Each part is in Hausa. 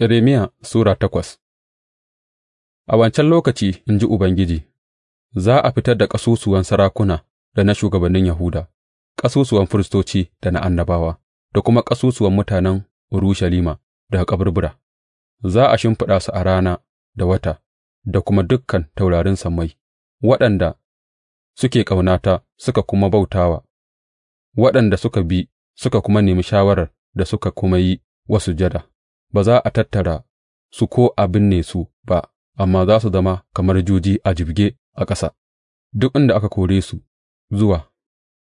Irmiya Sura takwas A wancan lokaci, in ji Ubangiji, za a fitar da ƙasusuwan sarakuna da na shugabannin Yahuda, ƙasusuwan firistoci da na annabawa, da kuma ƙasusuwan mutanen Urushalima daga kaburbura, za a shimfiɗa su a rana da wata da kuma dukkan taurarin sammai, waɗanda suke ƙaunata suka kuma bautawa, waɗanda suka bi suka kuma nemi shawarar da suka kuma yi wa sujada. ba za a tattara su ko a binne su ba, amma za su zama kamar juji a jibge a ƙasa, duk inda aka kore su zuwa,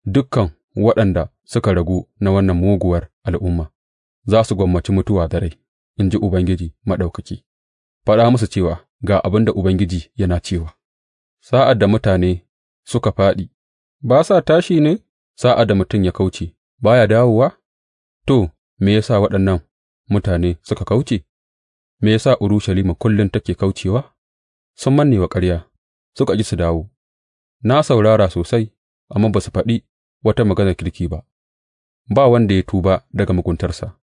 dukkan waɗanda suka ragu na wannan muguwar al'umma za su gwammaci mutuwa da rai, in ji Ubangiji Maɗaukaki. Faɗa musu cewa ga abin da Ubangiji yana cewa, Sa'ad da mutane suka faɗi. ba sa tashi ne? Sa'ad da mutum ya kauce, ba ya dawowa? To, me ya waɗannan mutane suka kauce? Me ya sa Urushalima kullum take kaucewa? Sun manne wa ƙarya, suka ji su dawo, na saurara sosai, amma ba su faɗi wata maganar kirki ba, ba wanda ya tuba daga muguntarsa,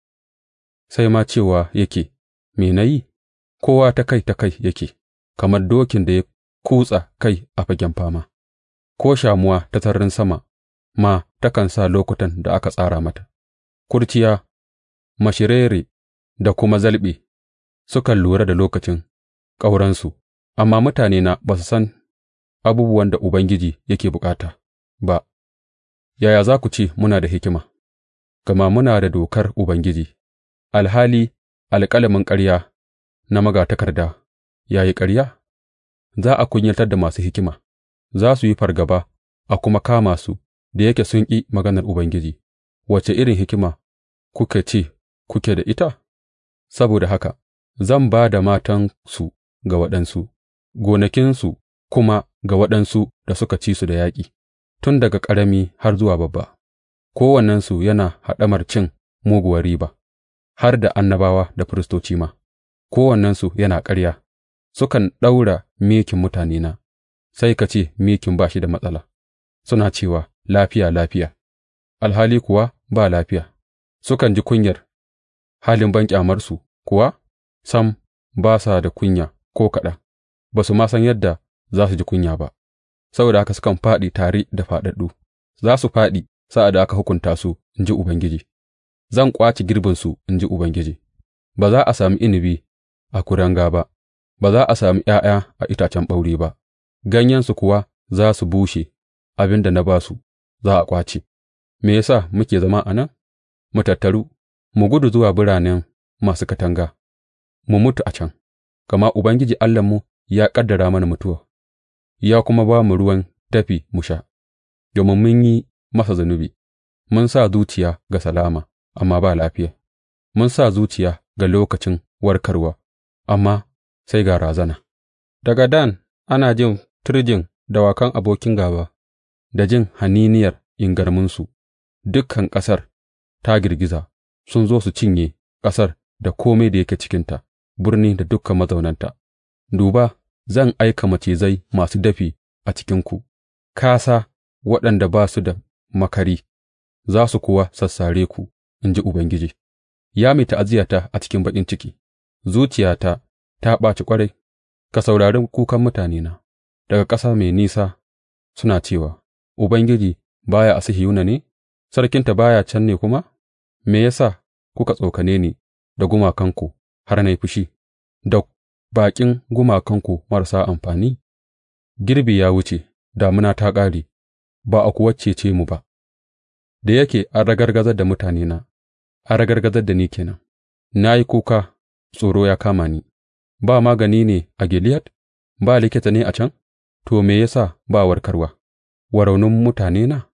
sai ma cewa yake, Me na yi, kowa ta kai ta kai yake, kamar dokin da ya kutsa kai a fagen fama, ko shamuwa ta sararin sama ma takan sa lokutan da aka tsara mata, kurciya mashirere da kuma zalɓe sukan lura da lokacin ƙauransu, amma mutanena ba su san abubuwan da Ubangiji yake bukata ba, yaya za ku ce muna da hikima, gama muna da dokar Ubangiji, alhali alƙalamin ƙarya na magatakarda ya yi ƙarya? Za a kunyatar da masu hikima, za su yi fargaba a kuma kama su da yake sun ƙi maganar Ubangiji, wace irin hikima kuke ce kuke da ita? saboda haka zan ba da matansu ga waɗansu, gonakinsu kuma ga waɗansu da suka ci su da yaƙi, tun daga ƙarami har zuwa babba, kowannensu yana haɗamar cin muguwar riba, har da annabawa da firistoci ma, kowannensu yana ƙarya, sukan ɗaura mikin mutanena, sai ka ce mikin ba shi da matsala, suna cewa lafiya lafiya, alhali kuwa ba lafiya, sukan ji kunyar halin banƙyamarsu kuwa sam ba sa da kunya ko kaɗan, ba su ma san yadda za su ji kunya ba, saboda haka sukan fāɗi tare da fāɗaɗɗu, za su fāɗi sa'ad da aka hukunta su, in ji Ubangiji, zan ƙwace girbinsu, in ji Ubangiji, ba za a sami inabi a kuranga ba, ba za a sami ’ya'ya a itacen ɓaure ba, ganyensu kuwa za su bushe, abin da na ba su za a ƙwace. Me ya sa muke zama a nan? Mu tattaru mu gudu zuwa biranen masu katanga mu mutu a can, gama Ubangiji Allahnmu ya ƙaddara mana mutuwa ya kuma ba mu ruwan dafi mu sha, domin mun yi masa zunubi, mun sa zuciya ga salama, amma ba lafiya, mun sa zuciya ga lokacin warkarwa, amma sai ga razana. Daga Dan ana jin turjin dawakan abokin gaba da jin haniniyar ingarminsu dukkan ƙasar ta girgiza. sun zo su cinye ƙasar da kome da yake cikinta, birni da dukan mazaunanta, duba, zan aika macizai masu dafi a cikinku, kasa waɗanda ba su da makari, za su kuwa sassare ku, in ji Ubangiji, ya mai ta'aziyata a cikin baƙin ciki, zuciyata ta ɓaci ƙwarai, ka saurari kukan mutanena daga ƙasa mai nisa suna cewa, Ubangiji baya ya a ne, sarkinta baya can ne kuma? Me ya sa kuka tsokane ni da gumakanku har na yi fushi, da baƙin gumakanku marasa amfani? Girbi ya wuce, damuna ta ƙare, ba a kuwa cece mu ba, da yake an ragargazar da mutanena, an ragargazar da ni kenan. na yi kuka, tsoro ya kama ni, ba magani ne a Gileyad, ba likita ne a can, to me ya sa ba warkarwa wa raunin mutanena?